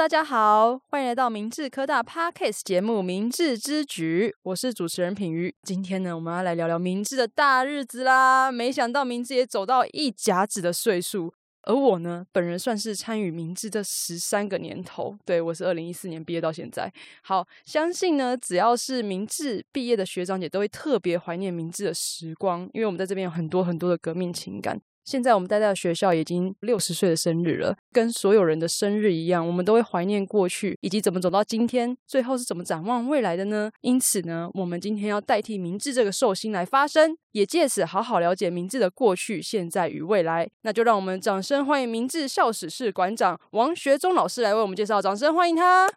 大家好，歡迎來到明志科大 Podcast 節目《明志之舉》，我是主持人品妤。今天呢，我們要來聊聊明志的大日子啦。沒想到明志也走到一甲子的歲數，而我呢，本人算是參與明志這十三個年頭，對，我是二零一四年畢業到現在。好，相信呢，只要是明志畢業的學長姐，都會特別懷念明志的時光，因為我們在這邊有很多很多的革命情感。現在我們待在的學校已經六十歲的生日了，跟所有人的生日一樣，我們都會懷念過去，以及怎麼走到今天，最後是怎麼展望未來的呢？因此呢，我們今天要代替明志這個壽星來發聲，也借此好好了解明志的過去、現在與未來。那就讓我們掌聲歡迎明志校史室館長王學中老師來為我們介紹。掌聲歡迎他。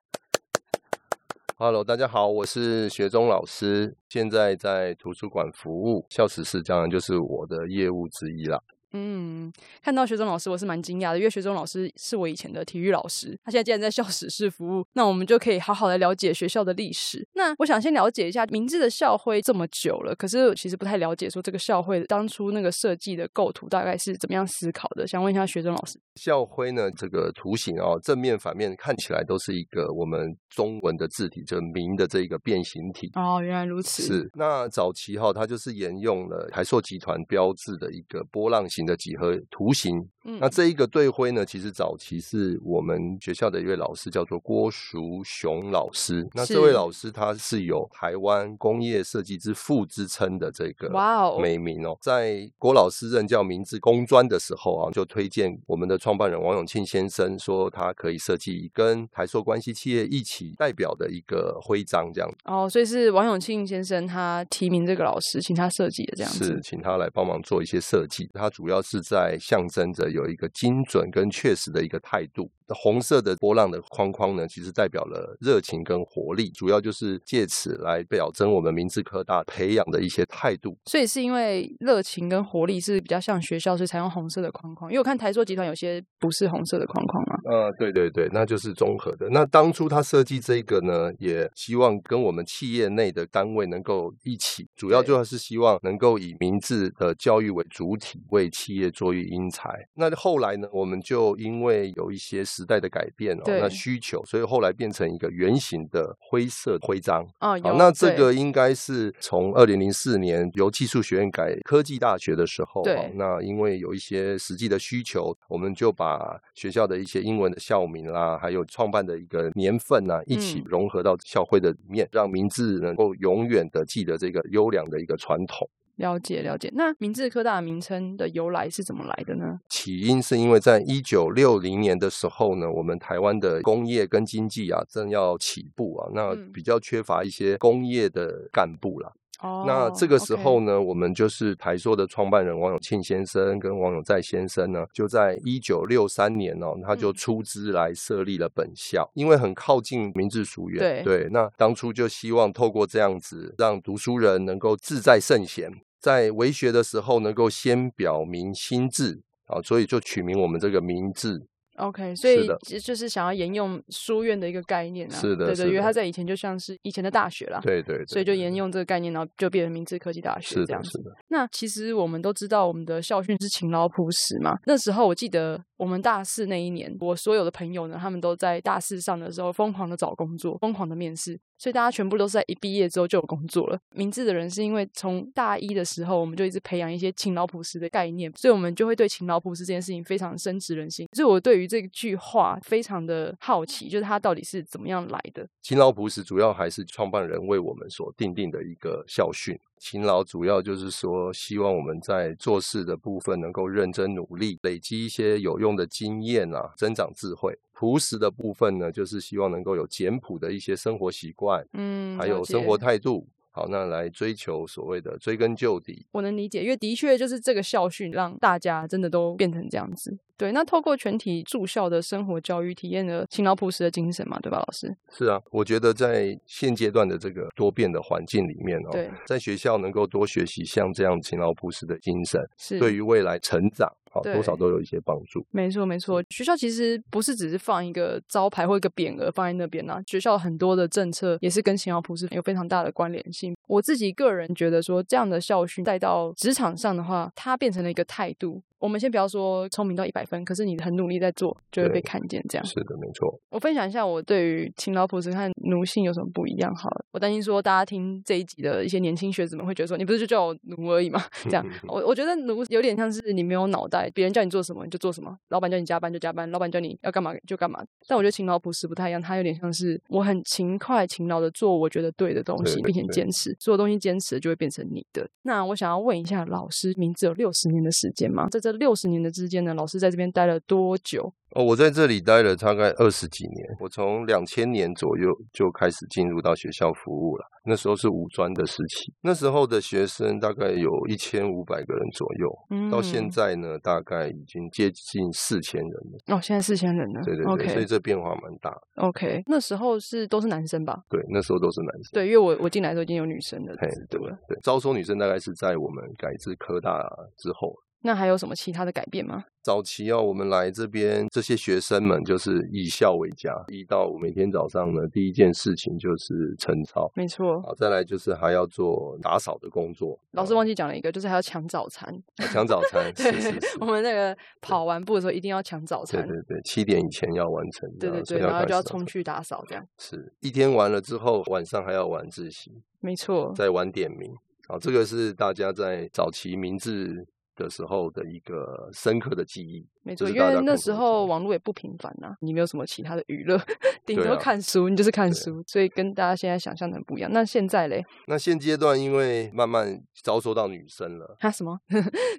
Hello，大家好，我是學中老師，現在在圖書館服務校史室，當然就是我的業務之一了。嗯，看到學中老師，我是蠻驚訝的，因為學中老師是我以前的體育老師，他現在竟然在校史室服務，那我們就可以好好的了解學校的歷史。那我想先了解一下，明志的校徽這麼久了，可是我其實不太了解，說這個校徽當初那個設計的構圖大概是怎麼樣思考的？想問一下學中老師，校徽呢？這個圖形啊、哦，正面反面看起來都是一個我們中文的字體，就是“明”的這一個變形體。哦，原來如此。是那早期哈、哦，它就是沿用了台塑集團標誌的一個波浪形。的幾何圖形。嗯、那這一個隊徽呢？其實早期是我們學校的一位老師，叫做郭淑雄老師。那這位老師他是有台灣工業設計之父之稱的這個哇哦美名哦、wow。在郭老師任教明志工專的時候啊，就推薦我們的創辦人王永慶先生說，他可以設計跟台塑關係企業一起代表的一個徽章這樣哦，oh, 所以是王永慶先生他提名這個老師，請他設計的這樣子，是請他來幫忙做一些設計。他主要是在象徵着。有一個精準跟確實的一個態度。紅色的波浪的框框呢，其實代表了熱情跟活力，主要就是借此來表徵我們明志科大培養的一些態度。所以是因為熱情跟活力是比較像學校是採用紅色的框框，因為我看台塑集團有些不是紅色的框框啊。呃，對對對，那就是綜合的。那當初他設計這個呢，也希望跟我們企業內的單位能夠一起，主要就是希望能夠以明志的教育為主體，為企業作育英才。那後來呢，我們就因為有一些事。時代的改變哦，那需求，所以後來變成一個圓形的灰色徽章。哦、啊啊啊，那這個應該是從二零零四年由技術學院改科技大學的時候、啊，那因為有一些實際的需求，我們就把學校的一些英文的校名啦、啊，還有創辦的一個年份啊，一起融合到校徽的裡面、嗯，讓明志能夠永遠的記得這個優良的一個傳統。了解了解，那明志科大名稱的由來是怎麼來的呢？起因是因為在一九六零年的時候呢，我們台灣的工業跟經濟啊正要起步啊，那比較缺乏一些工業的幹部啦。嗯那這個時候呢，oh, okay. 我們就是台塑的創辦人王永慶先生跟王永在先生呢，就在一九六三年哦、喔，他就出資來設立了本校，嗯，因為很靠近明志書院，對，那當初就希望透過這樣子，讓讀書人能夠志在聖賢，在為學的時候能夠先表明心志，啊、喔，所以就取名我們這個明志。OK，所以就是想要沿用書院的一個概念、啊，是的對對，是的，因為它在以前就像是以前的大學了，對對，所以就沿用這個概念，然後就變成明志科技大學這樣子。是的。那其實我們都知道，我們的校訓是勤勞樸實嘛。那時候我記得。我們大四那一年，我所有的朋友呢，他們都在大四上的時候瘋狂的找工作，瘋狂的面試，所以大家全部都是在一畢業之後就有工作了。明志的人是因為從大一的時候，我們就一直培養一些勤勞樸實的概念，所以我們就會對勤勞樸實這件事情非常深植人心。所以我對於這個句話非常的好奇，就是它到底是怎麼樣來的？勤勞樸實主要還是創辦人為我們所訂定的一個校訓。勤勞主要就是說，希望我們在做事的部分能夠認真努力，累積一些有用的經驗啊，增長智慧。樸實的部分呢，就是希望能夠有簡樸的一些生活習慣，嗯，還有生活態度。好，那來追求所謂的追根究底。我能理解，因為的確就是這個校訓，讓大家真的都變成這樣子。對，那透過全體住校的生活教育，體驗了勤勞樸實的精神嘛，對吧，老師？是啊，我覺得在現階段的這個多變的環境裡面哦，在學校能夠多學習像這樣勤勞樸實的精神，是對於未來成長啊、哦、多少都有一些幫助。沒錯，沒錯，學校其實不是只是放一個招牌或一個匾額放在那邊呢、啊，學校很多的政策也是跟勤勞樸實有非常大的關聯性。我自己個人覺得說，這樣的校訓帶到職場上的話，它變成了一個態度。我們先不要說聰明到一百分，可是你很努力在做，就會被看見。這樣是的，沒錯。我分享一下我對於勤勞樸實和奴性有什麼不一樣。好了，我擔心說大家聽這一集的一些年輕學子們會覺得說，你不是就叫我奴而已嗎？這樣，我我覺得奴有點像是你沒有腦袋，別人叫你做什麼你就做什麼，老板叫你加班就加班，老板叫你要幹嘛就幹嘛。但我覺得勤勞樸實不太一樣，他有點像是我很勤快、勤勞的做我覺得對的東西，並且堅持，做東西堅持了就會變成你的。那我想要問一下老師，明志有六十年的時間嗎？這真。六十年的之間，呢，老師在這邊待了多久？哦，我在這裡待了大概二十幾年。我從兩千年左右就開始進入到學校服務了。那時候是五專的時期，那時候的學生大概有一千五百個人左右，嗯。到現在呢，大概已經接近四千人了。哦，現在四千人了，對對對，okay. 所以這變化蠻大的。OK，那時候是都是男生吧？對，那時候都是男生。對，因為我我進來的時候已經有女生了，對不對？對，招收女生大概是在我們改制科大之後。那還有什麼其他的改變嗎？早期哦、啊，我們來這邊，這些學生們就是以校為家，一到五每天早上呢，第一件事情就是晨操，沒錯。好，再來就是還要做打掃的工作。老師忘記講了一個，就是還要搶早餐。搶、啊、早餐， 對是、是、是我們那個跑完步的時候一定要搶早餐，對，對對對，七點以前要完成。對對對，然後就要衝去打掃。這樣，是一天完了之後，晚上還要晚自習，沒錯。再晚點名，好，這個是大家在早期明志的時候的一個深刻的記憶，沒錯，就是、因為那時候網絡也不平凡吶，你沒有什麼其他的娛樂，頂 多看書、啊，你就是看書、啊，所以跟大家現在想象的不一樣。那現在嘞？那現階段因為慢慢招收到女生了，啊，什麼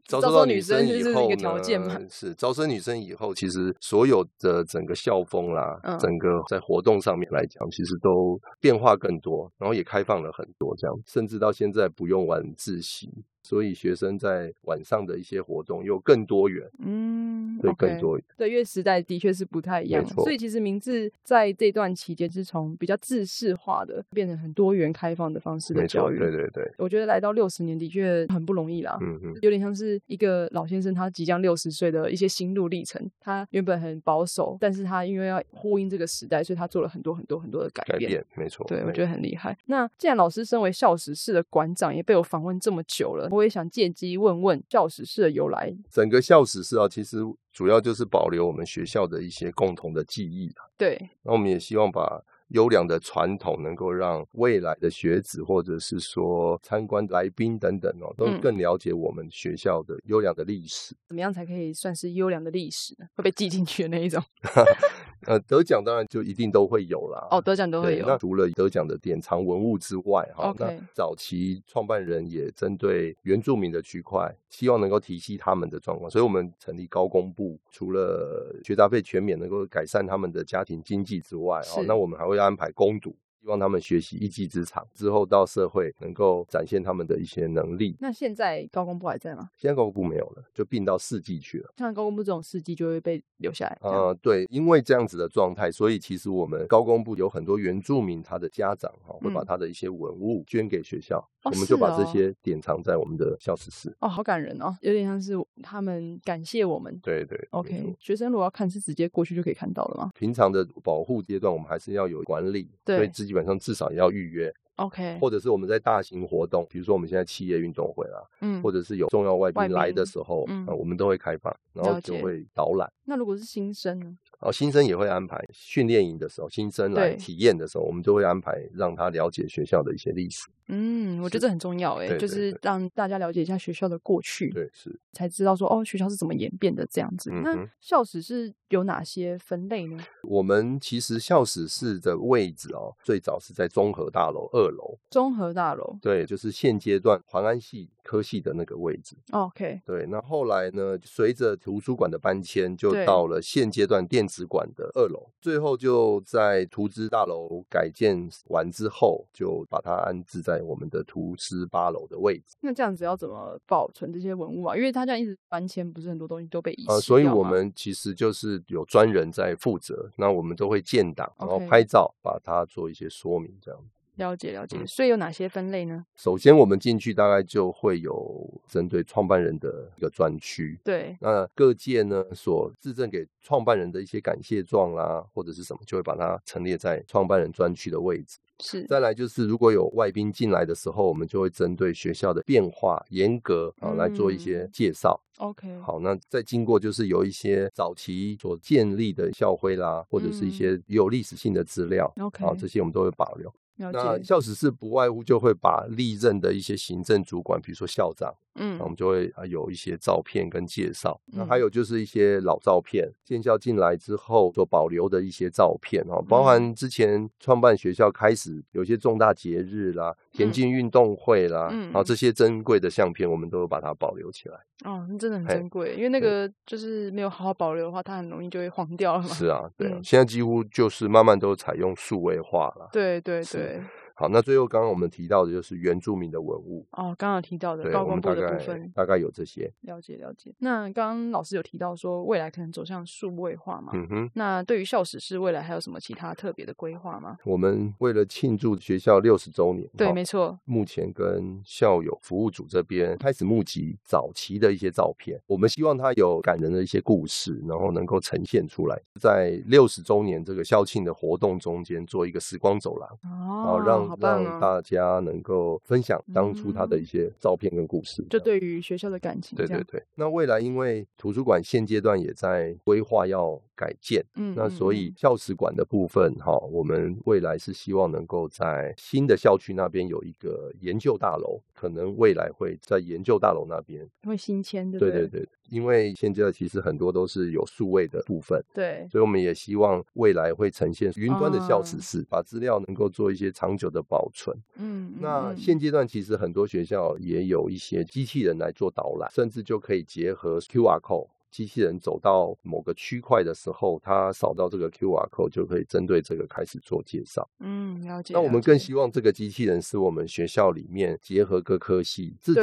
招收 到女生以後嘛、嗯。是招收女生以後，其實所有的整個校風啦、啊嗯，整個在活動上面來講，其實都變化更多，然後也開放了很多，這樣，甚至到現在不用晚自習。所以學生在晚上的一些活動又更多元，嗯，會更多、Okay. 對，因為時代的確是不太一樣，所以其實明志在這段期間是從比較制式化的，變成很多元、開放的方式的教育，對對對。我覺得來到六十年的確很不容易啦，嗯嗯，有點像是一個老先生，他即將六十歲的一些心路歷程。他原本很保守，但是他因為要呼應這個時代，所以他做了很多很多很多的改變，改變，沒錯。對，我覺得很厲害。那既然老師身為校史室的館長，也被我訪問這麼久了。我也想借機問問校史室的由來。整個校史室啊，其實主要就是保留我們學校的一些共同的記憶、啊、對，那我們也希望把優良的傳統能夠讓未來的學子，或者是說參觀來賓等等哦、啊，都更了解我們學校的優良的歷史。嗯、怎麼樣才可以算是優良的歷史會被記進去的那一種？ 呃，得獎當然就一定都會有啦。哦，得獎都會有。對，那除了得獎的典藏文物之外，哈，okay. 那早期創辦人也針對原住民的區塊，希望能夠體恤他們的狀況，所以，我們成立高工部，除了學雜費全免，能夠改善他們的家庭經濟之外，哦，那我們還會安排工讀。希望他們學習一技之長，之後到社會能夠展現他們的一些能力。那現在高工部還在嗎？現在高工部沒有了，就併到四技去了。像高工部這種四技就會被留下來。呃對，因為這樣子的狀態，所以其實我們高工部有很多原住民，他的家長、哦、會把他的一些文物捐給學校、嗯，我們就把這些典藏在我們的校史室哦哦。哦，好感人哦，有點像是他們感謝我們。對對，OK。學生如果要看，是直接過去就可以看到了嗎？平常的保護階段，我們還是要有管理，所以自基本上至少要預約。OK，或者是我們在大型活動，比如說我們現在企業運動會啦、啊，嗯，或者是有重要外賓來的時候，嗯、呃，我們都會開放、嗯，然後就會導覽。那如果是新生呢？哦，新生也會安排訓練營的時候，新生來體驗的時候，我們就會安排讓他了解學校的一些歷史。嗯，我覺得這很重要哎、欸，就是讓大家了解一下學校的過去，對，對，是，才知道說哦，學校是怎麼演變的這樣子。那校史是有哪些分類呢？嗯嗯，我們其實校史室的位置哦，最早是在綜合大樓二。二樓綜合大樓，對，就是現階段環安系科系的那個位置。OK，對。那後來呢，隨着圖書館的搬遷，就到了現階段電子館的二樓。最後就在圖資大樓改建完之後，就把它安置在我們的圖資八樓的位置。那這樣子要怎麼保存這些文物啊？因為他這樣一直搬遷，不是很多東西都被遺棄掉？呃、所以我們其實就是有專人在負責。那我們都會建檔，然後拍照，okay. 把它做一些說明，這樣。了解了解，嗯，所以有哪些分類呢？首先，我們進去大概就會有針對創辦人的一個專區，對。那各界呢所致贈給創辦人的一些感謝狀啦，或者是什麼，就會把它陳列在創辦人專區的位置。是。再來就是如果有外賓進來的時候，我們就會針對學校的變化嚴格，嗯、啊，來做一些介紹，嗯。OK。好，那再經過就是有一些早期所建立的校徽啦，或者是一些有歷史性的資料，嗯，OK。好，啊，這些我們都會保留。那校史室不外乎就會把歷任的一些行政主管，比如說校長。嗯，我們就會有一些照片跟介紹，那、嗯、還有就是一些老照片，建校進來之後所保留的一些照片哦，包含之前創辦學校開始有一些重大節日啦、嗯、田徑運動會啦、嗯，然後這些珍貴的相片，我們都把它保留起來。哦，那真的很珍貴，因為那個就是沒有好好保留的話，它很容易就會黃掉了嘛。是啊，對啊、嗯，現在幾乎就是慢慢都採用數位化了。對對對。好，那最後剛剛我們提到的就是原住民的文物哦。剛剛提到的高光部的部分大、大概有這些。了解了解。那剛剛老師有提到說未來可能走向數位化嘛。嗯哼。那對於校史室未來還有什麼其他特別的規劃嗎？我們為了慶祝學校六十週年，對，沒錯。目前跟校友服務組這邊開始募集早期的一些照片，我們希望它有感人的一些故事，然後能夠呈現出來，在六十週年這個校慶的活動中間做一個時光走廊，哦、然後讓。讓大家能夠分享當初他的一些照片跟故事，就對於學校的感情。對對對，那未來因為圖書館現階段也在規劃要改建，嗯，那所以校史館的部分哈，我們未來是希望能夠在新的校區那邊有一個研究大樓，可能未來會在研究大樓那邊會新遷，的，對不對？對對對、對。因為現階段其實很多都是有數位的部分，對，所以我們也希望未來會呈現雲端的校史室，把資料能夠做一些長久的保存。嗯，那現階段其實很多學校也有一些機器人來做導覽，嗯、甚至就可以結合 QR code，機器人走到某個區塊的時候，它掃到這個 QR code 就可以針對這個開始做介紹。嗯。那我們更希望這個機器人是我們學校裡面結合各科系自己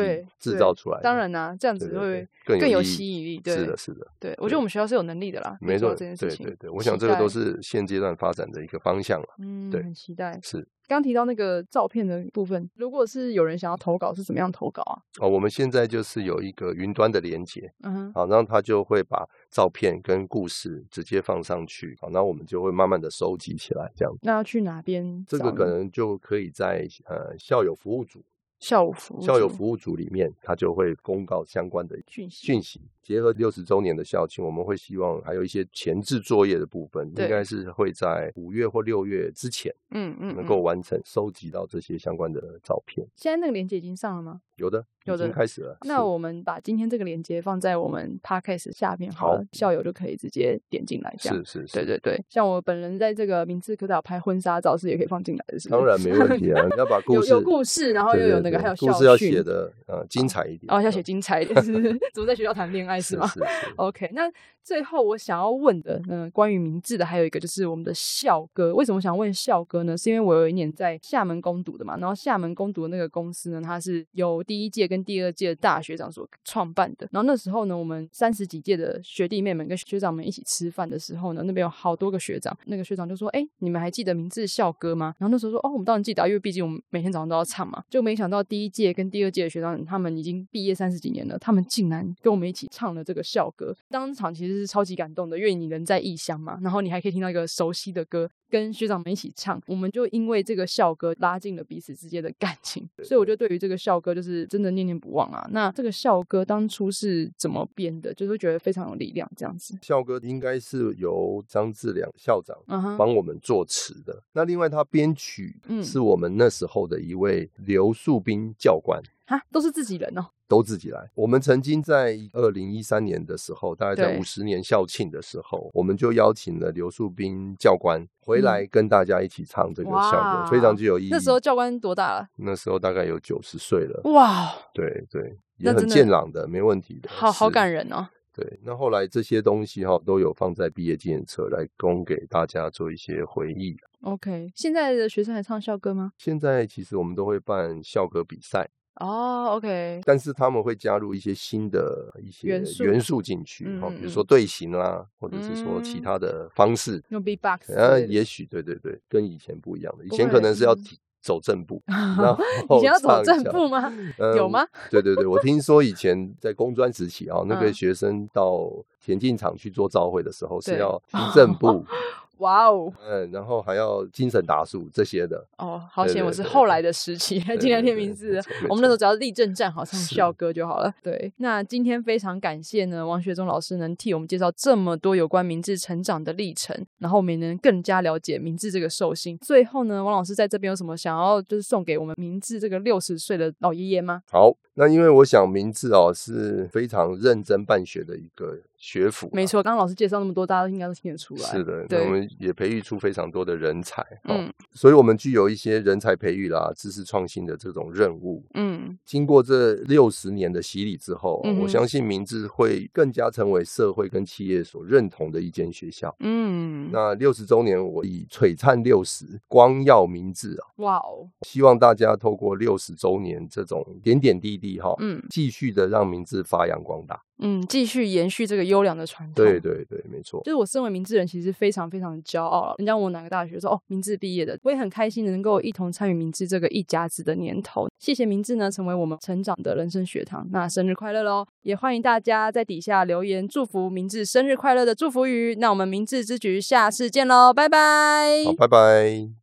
製造出來的。當然啦，啊，這樣子會更有吸引力。對，是的，是的。對，對我覺得我們學校是有能力的啦。沒錯，對，對對對。我想這個都是現階段發展的一個方向了。嗯，對，很期待。是。剛提到那個照片的部分，如果是有人想要投稿，是怎麼樣投稿啊？哦，我們現在就是有一個雲端的連接，嗯，好，那他就會把照片跟故事直接放上去，好，那我們就會慢慢的收集起來，這樣子。那要去哪邊？這個可能就可以在呃校友服務組，校友服務校友服務組裡面，他就會公告相關的訊息。訊息。結合六十週年的校慶，我們會希望還有一些前置作業的部分，應該是會在五月或六月之前，嗯嗯，嗯，能夠完成收集到這些相關的照片。現在那個鏈接已經上了嗎？有的。就開始了。那我們把今天這個鏈接放在我們 podcast 下面，好，校友就可以直接點進來這。這是是是，對對對。像我本人在這個明志科大拍婚紗照，是也可以放進來的是。當然沒問題，啊， 你要把故事有，有故事，然後又有那個對對對，還有校訓故事要寫的，呃、嗯，精彩一點。哦，要寫精彩一點，是？ 怎麼在學校談戀愛是嗎是是是？OK。那最後我想要問的，嗯、呃，關於明志的還有一個就是我們的校歌。為什麼想問校歌呢？是因為我有一年在廈門工讀的嘛，然後廈門工讀的那個公司呢，它是由第一屆。跟第二屆的大學長所創辦的，然後那時候呢，我們三十幾屆的學弟妹們跟學長們一起吃飯的時候呢，那邊有好多個學長，那個學長就說：“哎，你們還記得明志校歌嗎？”然後那時候說：“哦，我們當然記得啊，因為畢竟我們每天早上都要唱嘛。”就沒想到第一屆跟第二屆的學長他們已經畢業三十幾年了，他們竟然跟我們一起唱了這個校歌，當場其實是超級感動的。因為你人在異鄉嘛，然後你還可以聽到一個熟悉的歌。跟學長們一起唱，我們就因為這個校歌拉近了彼此之間的感情，所以我就對於這個校歌就是真的念念不忘啊。那這個校歌當初是怎麼編的？就是覺得非常有力量，這樣子。校歌應該是由張志良校長幫我們作詞的、uh-huh，那另外他編曲是我們那時候的一位劉樹斌教官啊、嗯，都是自己人哦。都自己來。我們曾經在二零一三年的時候，大概在五十年校慶的時候，我們就邀請了劉樹斌教官回來、嗯、跟大家一起唱這個校歌，非常具有意義。那時候教官多大了？那時候大概有九十歲了。哇，對對，也很健朗的，的，沒問題的。好好感人哦。對，那後來這些東西哈，都有放在畢業紀念冊來供給大家做一些回憶。OK，現在的學生還唱校歌嗎？現在其實我們都會辦校歌比賽。哦、oh,，OK，但是他們會加入一些新的一些元素進去素、哦，比如說隊形啦，或者是說其他的方式。嗯嗯、用 B box，啊，也許對對對，跟以前不一樣的，以前可能是要走正步，然後 以前要走正步嗎？嗯、有嗎、嗯？對對對，我聽說以前在工專時期啊、 哦，那個學生到田徑場去做朝會的時候是要踢正步。 哇、wow、哦！嗯，然後還要精神答數這些的哦。好險，對對對對，我是後來的時期聽來聽明志對對對對。我們那時候只要立正站，好唱校歌就好了。對，那今天非常感謝呢，王學中老師能替我們介紹這麼多有關明志成長的歷程，然後我們也能更加了解明志這個壽星。最後呢，王老師在這邊有什麼想要就是送給我們明志這個六十歲的老爺爺嗎？好。那因為我想，明志哦是非常認真辦學的一個學府、啊。沒錯，剛剛老師介紹那麼多，大家應該都聽得出來。是的，對我們也培育出非常多的人才、哦。嗯，所以我們具有一些人才培育啦、啊、知識創新的這種任務。嗯，經過這六十年的洗禮之後、嗯，我相信明志會更加成為社會跟企業所認同的一間學校。嗯，那六十週年，我以璀璨六十，光耀明志啊、哦！哇哦，希望大家透過六十週年這種點點滴滴。嗯，繼續的讓明志發揚光大，嗯，繼續延續這個優良的傳統，對對對，沒錯。就是我身為明志人，其實非常非常驕傲。人家問我哪個大學說，哦，明志畢業的，我也很開心能夠一同參與明志這個一甲子的年頭。謝謝明志呢，成為我們成長的人生學堂。那生日快樂嘍！也歡迎大家在底下留言祝福明志生日快樂的祝福語。那我們明志之舉，下次見嘍，拜拜。好，拜拜。